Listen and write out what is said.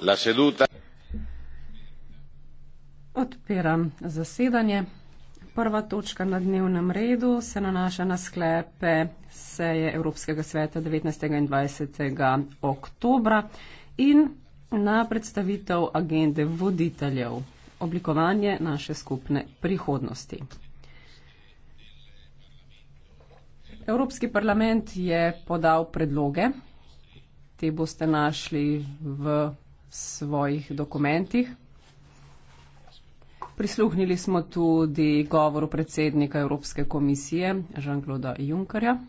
La seduta. Odpiram zasedanje. Prva točka na dnevnem redu se nanaša na sklepe seje Evropskega sveta 19. in 20. oktobra in na predstavitev agende voditeljev, oblikovanje naše skupne prihodnosti. Evropski parlament je podal predloge, te boste našli v svojih dokumentih. Prisluhnili smo tudi govoru predsednika Evropske komisije Žan Gloda Junkarja.